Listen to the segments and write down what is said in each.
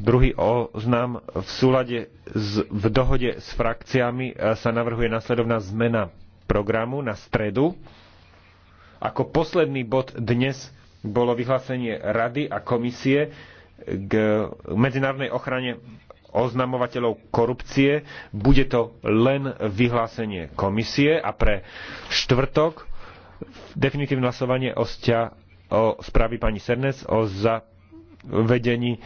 Druhý oznam v súlade s, v dohode s frakciami e, sa navrhuje nasledovná zmena programu na stredu. Ako posledný bod dnes bolo vyhlásenie Rady a komisie k medzinárodnej ochrane oznamovateľov korupcie. Bude to len vyhlásenie komisie a pre štvrtok definitívne hlasovanie o, o správy pani Sernes o za vedení e,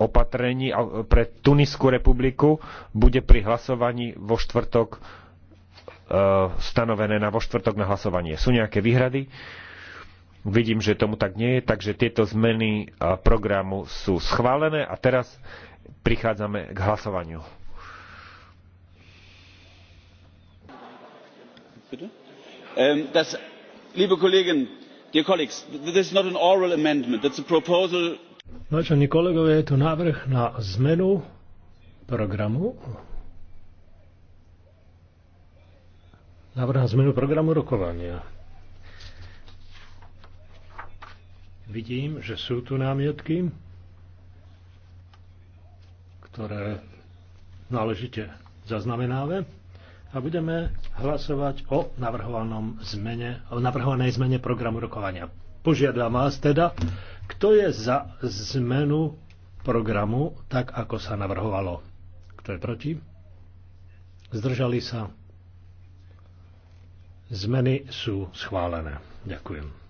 opatrení pre tuniskú republiku bude pri hlasovaní vo štvrtok e, stanovené na vo štvrtok na hlasovanie. Sú nejaké výhrady? Vidím, že tomu tak nie je, takže tieto zmeny e, programu sú schválené a teraz prichádzame k hlasovaniu. Bitte? Ähm, das, liebe Kollegen, Vážení kolegovia, je tu návrh na zmenu programu. Návrh na zmenu programu rokovania. Vidím, že sú tu námietky, ktoré náležite zaznamenáme a budeme hlasovať o, navrhovanom zmene, o navrhovanej zmene programu rokovania. Požiadam vás teda, kto je za zmenu programu tak, ako sa navrhovalo. Kto je proti? Zdržali sa? Zmeny sú schválené. Ďakujem.